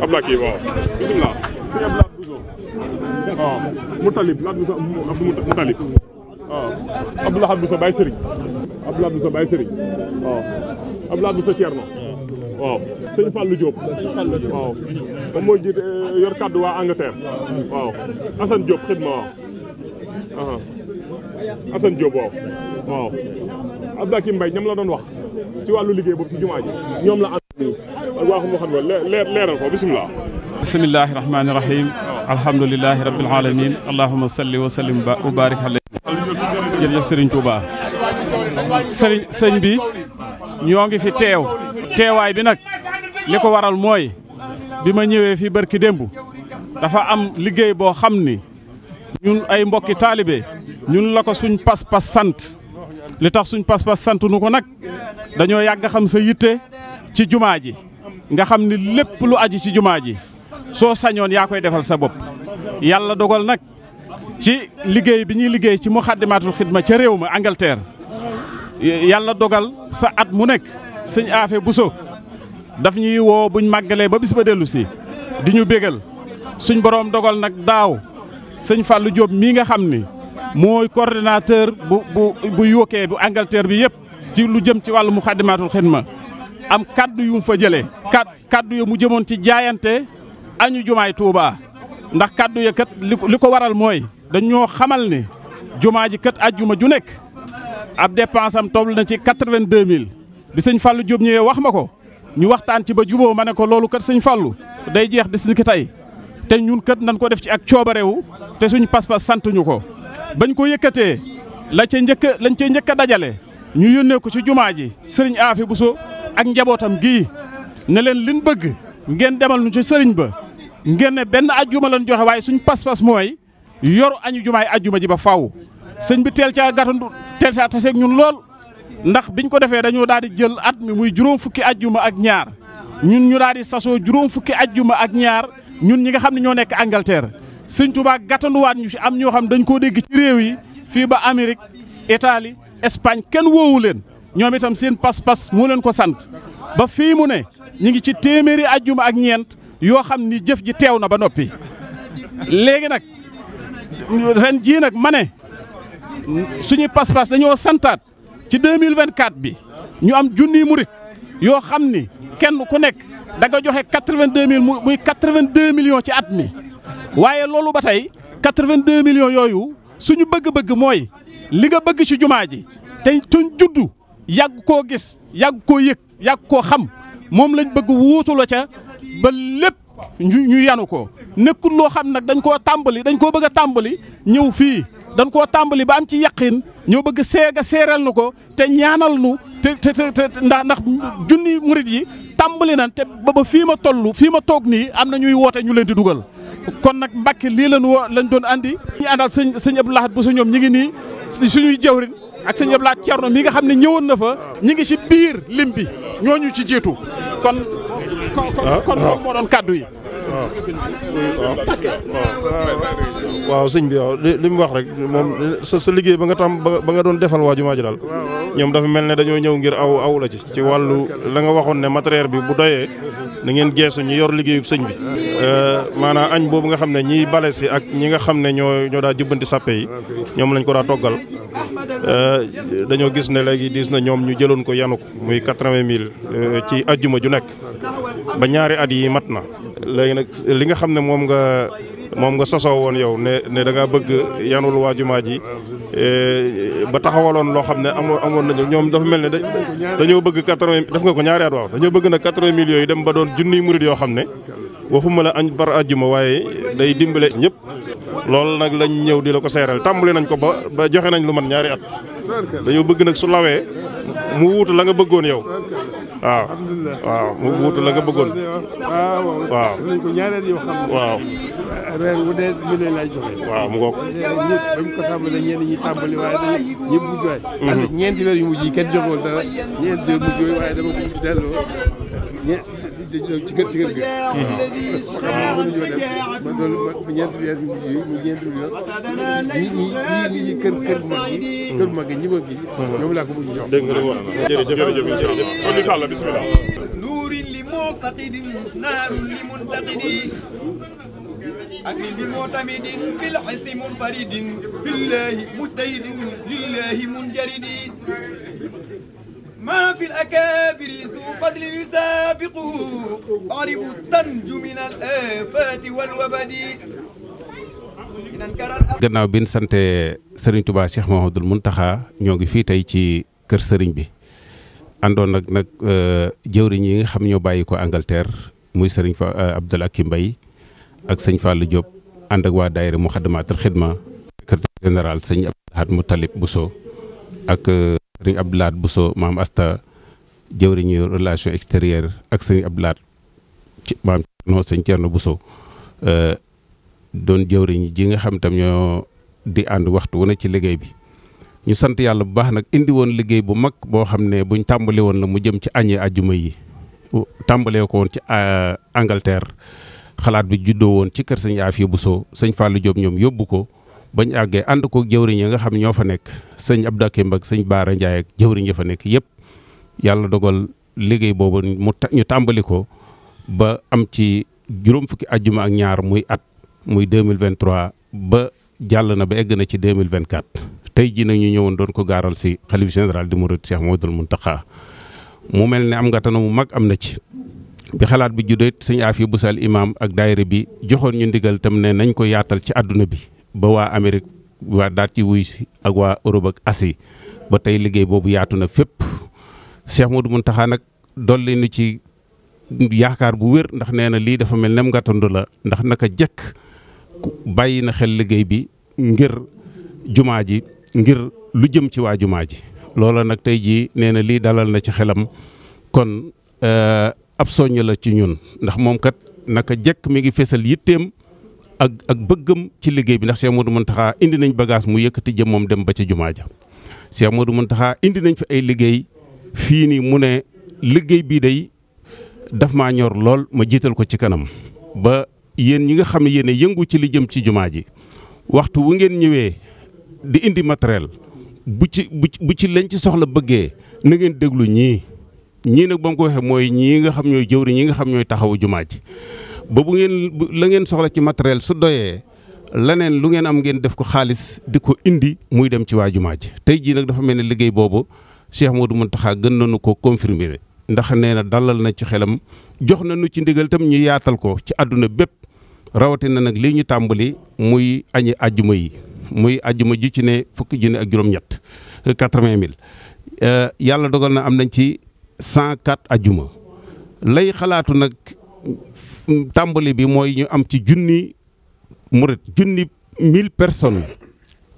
Abla kii waaw bisimilah. sëñ Abla Bousso. waaw Moutalib Lat Bousso Moutalib. waaw Abdou Lahad Bousso Baye Serigne. Abdou Lahad Bousso Baye Serigne. waaw Abdou Lahad Bousso Thierno. waaw sëñ Fallou Diop. waaw moom mooy jiite eh, yor kàddu waa ñoom la doon wax ci wàllu liggéey boobu ci jumaa ji ñoom la. waaxu moo xam ne leeral ko bisimilah. bisimilahi rahmaani rahiim. alhamdulilahi rabil aalamiin allahumma salli wa sallim wa baarik alayhi. sëriñ Serigne Touba. sëriñ sëñ bi ñoo ngi fi teew. teewaay bi nag li ko waral mooy bi ma ñëwee fii barki démb dafa am liggéey boo xam ni ñun ay mbokki taalibe ñun la ko suñ pas-pas sant li tax suñ pas-pas sant ko nag dañoo yàgg xam sa yitte ci jumaa ji nga xam ni lépp lu aji ci jumaa ji soo sañoon yaa koy defal sa bopp yàlla dogal nag ci liggéey bi ñuy liggéey ci muxaddimaatul ma ca réew ma Angleterre yàlla dogal sa at mu nekk sëñ aafe buso daf ñuy woo buñ màggalee ba bis ba dellu si di ñu bégal suñ boroom dogal nag daaw sëñ fàllu Diop mii nga xam ni mooy coordinateur bu bu bu yokkee bu Angleterre bi yëpp ci lu jëm ci wàllu mu muxaddimaatul ma am kaddu yu mu fa jëlee kaddu yoo mu jëmoon ci jaayante añu jumaay Touba ndax kaddu ya kat li ko waral mooy ñoo xamal ne jumaa ji kat ajjuma ju nekk ab dépense am toll na ci quatre-vingt-deux mille bi sëñ Fallou Diop ñëwee wax ma ko ñu waxtaan ci ba juboo ma ne ko loolu kat sëñ Fallou day jeex bis ni ki tey te ñun kat nañ ko def ci ak coobarewu te suñ pas-pas santuñu ko bañ ko yëkkatee la ca njëkk lañ ca njëkk a dajale ñu yónnee ko ci jumaa ji sëriñ bu Bousso ak njabootam gii ne leen liñ bëgg ngeen demal nu ci sëriñ ba ngeen ne benn ajjuma lañ joxe waaye suñ pas-pas mooy yoru añu jumaay ajjuma ji ba faw sëñ bi teel caa gàttandu teel caa taseeg ñun lool ndax biñ ko defee dañoo daal di jël at mi muy juróom fukki ajjuma ak ñaar ñun ñu daal di sasoo juróom fukki ajjuma ak ñaar ñun ñi nga xam ne ñoo nekk Angleterre sëñ Tuubaa gàttanduwaat ñu fi am ñoo xam dañu koo dégg ci réew yi fii ba Amérique Italie Espagne kenn woowu leen ñoom itam seen pas-pas moo leen ko sant ba fii mu ne ñu ngi ci téeméeri ajjuma ak ñeent yoo xam ni jëf ji teew na ba noppi léegi nag ren jii nag ma ne suñu pas-pas dañoo santaat ci 2024 bi ñu am junniy murit yoo xam ni kenn ku nekk da joxe 82 mille muy 82 millions ci at waaye loolu ba tey 82 millions yooyu suñu bëgg-bëgg mooy li nga bëgg ci jumaa ji te tuñ juddu yàgg koo gis yàgg koo yëg yàgg koo xam moom lañ bëgg wuutu la ba lépp ñu yanu ko nekkul loo xam nag dañ koo tàmbali dañ koo bëgg tàmbali ñëw fii dañ koo tàmbali ba am ci yàqin ñoo bëgg seega seeral na ko te ñaanal nu te te te ndax ndax junni murit yi tàmbali nan te ba ba fii ma toll fii ma toog nii am na ñuy woote ñu leen di dugal kon nag mbakki lii la lañ wo lañ doon andi. ñu àndal sëñ sëñ Abdou Lahad bu sa ñoom ñi ngi nii suñuy jëwrin ak sëñ Abdou Lahad Thierno mi nga xam ne ñëwoon na fa ñi ngi ci biir lim bi ñooñu ci jiitu kon kon moom ah, ah. moo doon kàddu yi ah. waaw sëñ bi waaw li mu wax rek moom sa sa liggéey ba nga tam ba nga doon defal waa jumaa ji daal ñoom dafa mel ne dañoo ñëw ngir aw awula ci ci wàllu la nga waxoon ne matériel bi bu doyee na ngeen geesu ñu yor liggéeyub sëñ bi euh, maanaam añ boobu nga xam ne ñiy bale si ak ñi nga xam ne ñoo ñoo daa jubbanti sàppe yi ñoom lañ ko daa toggal euh, dañoo gis ne léegi diis na ñoom ñu jëloon ko yanu ko muy quatre-vingt mille euh, ci juma ju nekk ba ñaari at yi mat na nag li nga xam ne moom nga moom nga sosoo woon yow ne ne da ngaa bëgg yanul waa jumaa ji e, ba taxawaloon loo xam ne amoon amoon nañu ñoom dafa mel ne dañoo bëgg quatre-vingt nga ko ñaari at dañoo bëgg nag quatre-vingt millions yi dem ba doon junniy murit yoo xam ne waxuma la añ bar àjjuma waaye day dimbale ñëpp loolu nag lañ ñëw di la ko seeral tàmbali nañ ko ba ba joxe nañ lu man ñaari at dañoo bëgg nag su lawee mu wuutu la nga bëggoon yow waaw mu wuutu la nga bëggoon waaw waaw reer wu dee ñu ne lay joxe. waaw mu ngoog. bañ ko tàmbalee ñenn ñi tàmbali waaye dañuy ñëpp mujj waaye. am mhm. na ñeenti weer yu mujj yi kenn joxewul dara ñeenti weer mujj yooyu waaye dama ko delloo ci kër ci kër gi. Mhm. waaw ñu dem ma doon ma ñeenti weer yu mujj yi mu ñeenti weer ñi ñi ñi kër kër bu mag gi. kër bu mag gi ñi ko gi. Mhm. ñoom laa ko mujj jox. dégg nga li mu wax la jërëjëf jërëjëf incha allah kon ñu tàll bisimilah. نور لمعتقد نار لمنتقد أكرم gannaaw bi ñu sant Serigne Touba Cheikh Mouhamadoul Mountakha ñoo ngi fii tey ci kër sëriñ bi àndoon nag nag euh, jëwriñ yi nga xam ñoo bàyyi ko Angleterre muy Serigne fa euh, Abdoul Akim Mbaye ak sëñ Fallou Diop ànd ak waa daayira Muxaddamaatul Xidma secrétaire général sëñ Abdoulahat bu Bousso ak euh, sëñ bu Bousso maam Asta jëwriñu relation extérieure ak sëñ Abdoulahat maam noo sëñ bu Bousso euh, doon jëwriñ ji nga xam tam ñoo di ànd waxtu wu ne ci liggéey bi ñu sant yàlla bu baax nag indi woon liggéey bu mag boo xam ne buñ tàmbali woon la mu jëm ci añee ajjuma yi tàmbalee ko woon ci euh, Angleterre xalaat bi juddoo woon ci kër sëñ bu Bousso sëñ Fallou Diop ñoom yóbbu ko bañ àggee ànd ko jëwriñ ya nga xam ñoo fa nekk sëñ Abdou Akim ak sëñ Baara Ndiaye ak jëwriñ ya fa nekk yëpp yàlla dogal liggéey boobu mu ñu tàmbali ko ba am ci juróom fukki ajjuma ak ñaar muy at muy 2023 ba jàll na ba egg na ci 2024 tey jii nag ñu ñëwoon doon ko gaaral si xalif général di Mouride Cheikh Mouhamadoul Mountakha mu mel ni am nga tanu mu mag am na ci bi xalaat bi juddoo it sëñ bu Bousso al imaam ak daayira bi joxoon ñu ndigal tam ne nañ ko yaatal ci àdduna bi ba waa Amérique waa daat ci wuy si ak waa Europe ak ba tey liggéey boobu yaatu na fépp Cheikh Modou Mountakha nag dolli nu ci yaakaar bu wér ndax nee na lii dafa mel nem gàttandu la ndax naka jekk bàyyi na xel liggéey bi ngir jumaa ji ngir lu jëm ci waa jumaa ji loola nag tey jii nee na lii dalal na ci xelam kon euh, ab soññ la ci ñun ndax moom kat naka jekk mi ngi fesal yitteem ak ak bëggam ci liggéey bi ndax Cheikh Modou Mountakha indi nañ bagage mu yëkkati jëm moom dem ba ci jumaa ja Cheikh Modou Mountakha indi nañ fi ay liggéey fii nii mu ne liggéey bii day daf maa ñor lool ma jiital ko ci kanam ba yéen ñi nga xam ne yéen a yëngu ci li jëm ci jumaa ji waxtu wu ngeen ñëwee di indi matériel bu ci bu ci lañ ci soxla bëggee na ngeen déglu ñii ñii nag ba mu ko waxee mooy ñii nga xam ñooy jëwri ñi nga xam ñooy taxawu jumaa ji ba bu ngeen la ngeen soxla ci matériel su doyee leneen lu ngeen am ngeen def ko xaalis di ko indi muy dem ci waa jumaa ji tey jii nag dafa mel ne liggéey boobu Cheikh Modou Mountakha gën nañu ko confirmer ndax nee na dalal na ci xelam jox nañu ci ndigal tam ñu yaatal ko ci àdduna bépp rawatin na nag li ñu tàmbali muy añi ajjuma yi muy ajjuma ji ci ne fukki junni ak juróom-ñett quatre-vingt mille euh, yàlla dogal na am nañ ci cent 104 ajuma lay xalaatu nag tàmbali bi mooy ñu am ci junni murit junni mille personnes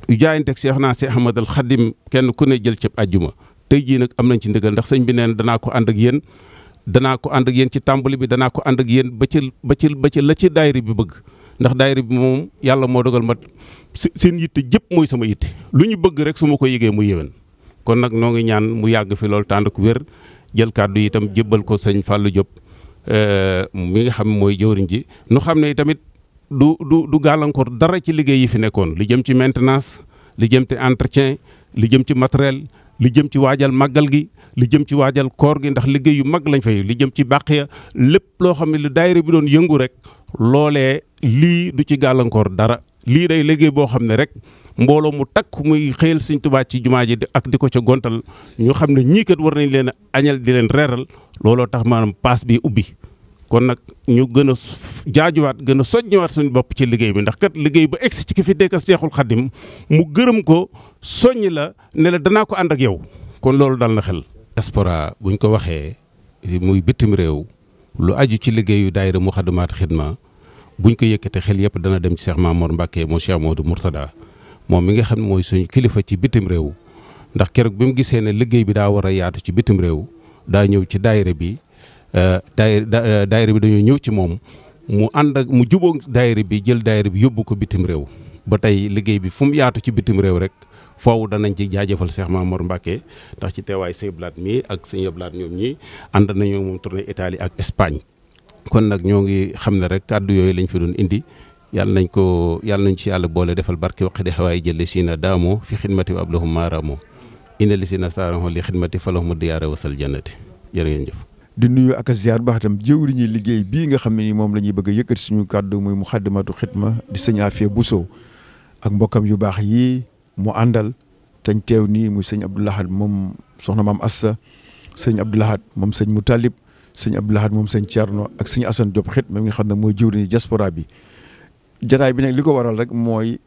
yu jaayanteeg Seex naa Seex Ahmadul Xadim kenn ku ne jël cëb ajjuma tey jii nag am nañ ci ndigal ndax sëñ bi neen danaa ko ànd ak yéen danaa ko ànd ak yéen ci tàmbali bi danaa ko ànd ak yéen ba ci ba ba ci la ci daayira bi bëgg ndax daayira bi moom yàlla moo dogal ma seen yitte jëpp mooy sama yitte lu ñu bëgg rek su ma ko yëgee mu yéwén kon nag noo ngi ñaan mu yàgg fi loolu tànd ku wér jël kàddu itam jébbal ko sëñ Fallou Diop euh, mi nga xam mooy jëwriñ ji nu xam ne itamit du du du gàllankoor dara ci liggéey yi fi nekkoon li jëm ci maintenance li jëm ci entretien li jëm ci matériel li jëm ci waajal màggal gi li jëm ci waajal koor gi ndax liggéey yu mag lañ fay li jëm ci bàq ya lépp loo xam ne lu daayira bi doon yëngu rek loolee lii du ci gàllankoor dara lii day liggéey boo xam ne rek mbooloo mu takk muy xëyel sëñ Tuubaa ci jumaa ji ak di ko ca gontal ñu xam ne ñii kat war nañ leen añal di leen reeral looloo tax maanaam paas bi ubbi kon nag ñu gën a jaajuwaat gën a soññewaat suñu bopp ci liggéey bi ndax kat liggéey ba egsi ci ki fi nekk Seexul Xadim mu gërëm ko soññ la ne danaa ko ànd yow kon loolu dal na xel. diaspora buñ ko waxee muy bitim réew lu aju ci liggéeyu daayira Muxaddamatul Xidma buñ ko yëkkatee xel yëpp dana dem ci Cheikh Mamour Mbacke moo Cheikh Modou Mourtada moom mi nga xam ne mooy suñu kilifa ci bitim réew ndax keroog bi mu gisee ne liggéey bi daa war a yaatu ci bitim réew daa ñëw ci daayira bi euh, daayira euh, daayira bi dañoo ñëw ci moom mu ànd ak mu jubóo daayira bi jël daayira bi yóbbu ko bitim réew ba tey liggéey bi fu mu yaatu ci bitim réew rek foofu danañ ci jaajëfal Cheikh Mamour Mbacke ndax ci teewaay sëñ Blaat mii ak sëñ Blaat ñoom ñii ànd nañoo moom tournée Italie ak Espagne kon nag ñoo ngi xam ne rek kàddu yooyu lañ fi doon indi yàlla nañ ko yàlla nañ ci yàlla boole defal barke waqi di xawaay jële si na daamoo fi xidmati wa ablahum maaraamoo ina li si na saaraxo li xidmati falahum diyaara wasal jannati jërë di nuyu ak a ziar baax itam jëwriñu liggéey bii nga xam ne ni moom la ñuy bëgg a yëkkati suñu kàddu muy muxaddamatu xidma di sëñ Afia Bousso ak mbokkam yu baax yii mu àndal tañ teew nii muy sëñ Abdoulahad moom soxna maam Assa sëñ Abdoulahad moom sëñ Moutalib sëñ Abdoulahad moom sëñ Thierno ak sëñ Assane Diop xit mi nga xam ne mooy jëwriñu diaspora bi jataay bi nag li ko waral rek mooy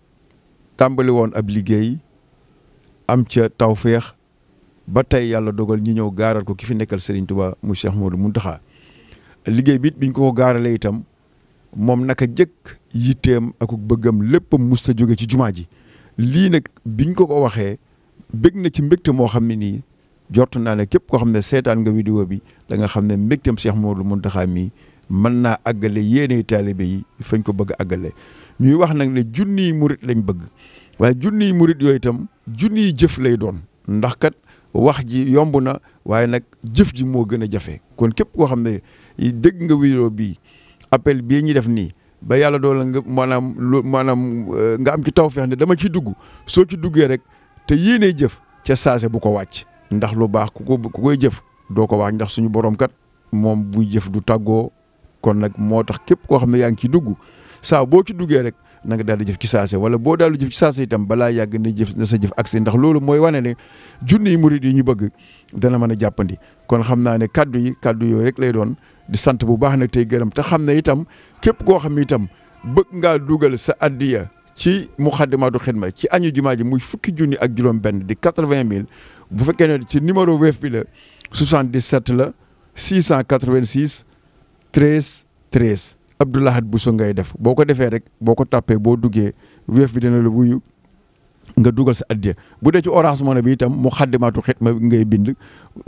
tàmbali woon ab liggéey am ca tawfeex ba tey yàlla dogal ñu ñëw gaaral ko ki fi nekkal Serigne Touba mu Cheikh Modou Mountakha liggéey bi it biñ ko ko gaaralee itam moom naka jëkk yitteem ak bëggam lépp mus sa jóge ci jumaa ji lii nag biñ ko ko waxee bég na ci mbégte moo xam ne nii jort naa ne képp koo xam ne seetaan nga vidéo bi danga xam ne mbégteem Cheikh Modou Mountakha mii. mën naa àggale yéene taalibe yi fañ ko bëgg àggale ñuy wax nag ne junniy murit lañ bëgg waaye yi murit yooyu itam yi jëf lay doon ndax kat wax ji yomb na waaye nag jëf ji moo gën a jafe kon képp koo xam ne dégg nga vidéo bii appel bii ñuy def nii ba yàlla doon la nga maanaam lu maanaam euh, nga am ci taw feex ne dama ci dugg soo ci duggee rek te yéenee jëf ca saase bu ko wàcc ndax lu baax ku ko ku koy jëf doo ko wàcc ndax suñu borom kat moom buy jëf du tàggoo kon nag moo tax képp koo xam ne yaa ngi ciy dugg saa boo ci duggee rek nanga daal di jëf ci saase wala boo daal di jëf ci saase itam balaa yàgg na jëf na sa jëf ak ndax loolu mooy wane ne junni yi mu murid yi ñu bëgg dana mën a jàppandi kon xam naa ne kàddu yi kàddu yooyu rek lay doon di sant bu baax nag tey gërëm te xam ne itam képp koo xam ne itam bëgg ngaa dugal sa addiya ci mu muxaddamaatu xidma ci añu jumaa ji muy fukki junni ak juróom benn di quatre-vingt mille bu fekkee ne ci numéro wef bi la 77 la 686 treize treize Abdoulahat Bousso ngay def boo ko defee rek boo ko tàppee boo duggee Wave bi dina la wuyu nga dugal sa addiya bu dee ci Orange Money bi itam mu xaddimaatu ma ngay bind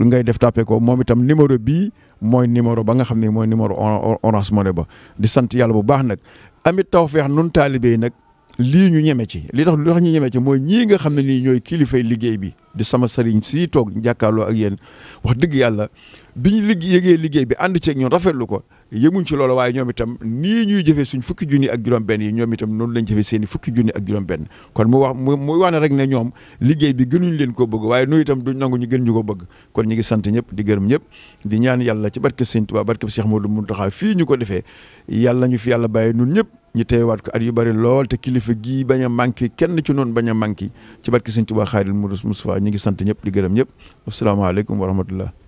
ngay def tàppee ko moom itam numéro bii mooy numéro ba nga xam ne mooy numéro Orange Money ba di sant yàlla bu baax nag amit feex nun taalibe yi nag lii ñu ñeme ci lii tax lu tax ñu ñeme ci mooy ñii nga xam ne nii ñooy kilifay liggéey bi di sama sëriñ si toog jàkkaarloo ak yéen wax dëgg yàlla bi ñu liggéey liggéey bi ànd ceeg ñun rafetlu ko yëmuñ ci loolu waaye ñoom itam nii ñuy jëfee suñ fukki junni ak juróom-benn yi ñoom itam noonu lañ jëfee seen i fukki junni ak juróom-benn kon mu wax mu wax ne rek ne ñoom liggéey bi gënuñ leen ko bëgg waaye nu itam duñ nangu ñu gën ñu ko bëgg kon ñu ngi sant ñëpp di gërëm ñëpp di ñaan yàlla ci barke Sëñ Tuubaa barke Cheikh Modou Mountakha fii ñu ko defee yàlla ñu fi yàlla bàyyi nun ñëpp ñu teewaat ko at yu bari lool te kilifa gii bañ a manqué kenn ci noonu bañ a manqué ci barke Sëñ Tuubaa Xaadimu Rasuul Mustafaa ñu ngi sant ñëpp di gërëm ñëpp asalaamaaleykum wa